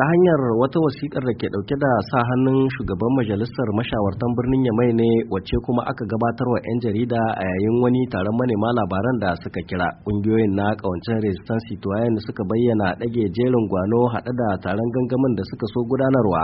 ta hanyar wata wasikar da ke ɗauke da sa hannun shugaban majalisar mashawartan birnin yamai ne wacce kuma aka gabatar wa 'yan jarida a yayin wani taron manema labaran da suka kira ƙungiyoyin na ƙawancen resistance citoyen suka bayyana ɗage jerin gwano haɗe da taron gangamin da suka so gudanarwa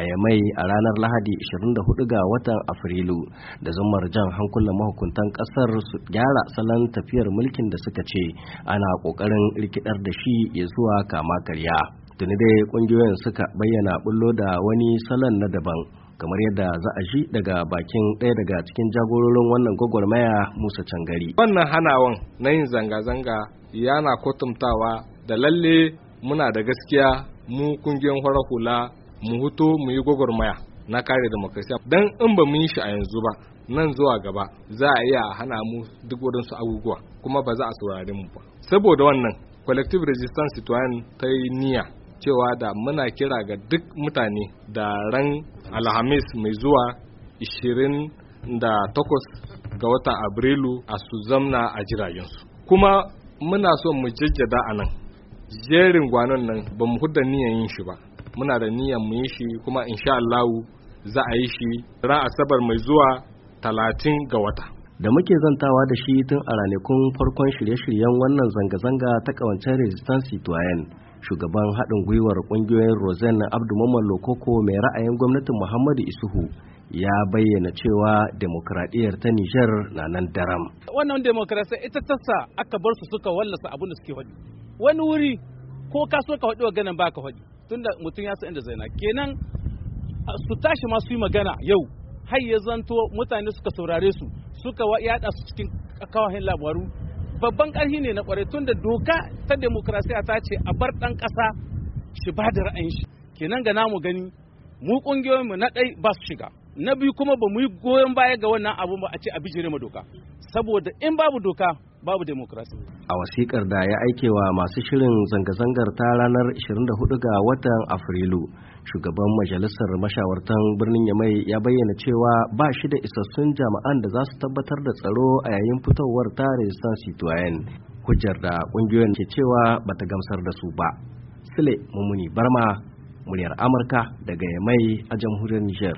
a yamai a ranar lahadi 24 ga watan afrilu da zumar jan hankulan mahukuntan ƙasar su gyara salon tafiyar mulkin da suka ce ana ƙoƙarin rikidar da shi ya zuwa kama karya. tuni dai kungiyoyin suka bayyana bullo da wani salon na daban kamar yadda za a shi daga bakin ɗaya daga cikin jagororin wannan gwagwarmaya musa cangari wannan hanawan na yin zanga-zanga yana kotumtawa da lalle muna da gaskiya mu kungiyoyin farar hula mu huto mu yi gwagwarmaya na kare demokrasiya dan in ba mu yi shi a yanzu ba nan zuwa gaba za a iya hana mu duk su abubuwa kuma ba za a saurari mu ba saboda wannan collective resistance citoyen ta yi niyya cewa da muna kira ga duk mutane da ran alhamis mai zuwa 28 ga wata abrilu a su zamna a jiragensu kuma muna so mu jajjada a nan jerin gwanon nan ba mu hudda niyan yin shi ba muna da niyan mu yi shi kuma insha Allah za a yi shi ran asabar mai zuwa 30 ga wata da muke zantawa da shi tun a ranakun farkon shirye-shiryen wannan zanga-zanga ta kawancen resistance citoyen shugaban haɗin gwiwar ƙungiyoyin rosen abdu mamman lokoko mai ra'ayin gwamnatin muhammadu isuhu ya bayyana cewa demokradiyyar ta nijar na nan daram wannan demokrasiya ita tasa aka bar su suka wallasa abin da suke faɗi wani wuri ko ka so ka faɗi wa ganin ba ka tunda mutum ya san inda zaina kenan su tashi masu yi magana yau har ya zanto mutane suka saurare su suka yada su cikin kawahin labaru babban ƙarfi ne na kwarai tun da doka ta demokrasiya ta ce a bar ɗan ƙasa shi ba da ra'ayin shi kenan ga namu gani mu ƙungiyoyin mu na ɗai ba su shiga na biyu kuma ba mu yi goyon baya ga wannan abu ba a ce a bijire ma doka saboda in babu doka babu demokrasi a wasikar da ya aikewa masu shirin zanga-zangar ta ranar 24 ga watan afrilu shugaban majalisar mashawartan birnin yamai ya bayyana cewa ba shi da isassun jama'an da za su tabbatar da tsaro a yayin fitowar ta resistance citoyen hujjar da kungiyoyin ke cewa ba ta gamsar da su ba sile mummuni barma muryar amurka daga yamai a jamhuriyar niger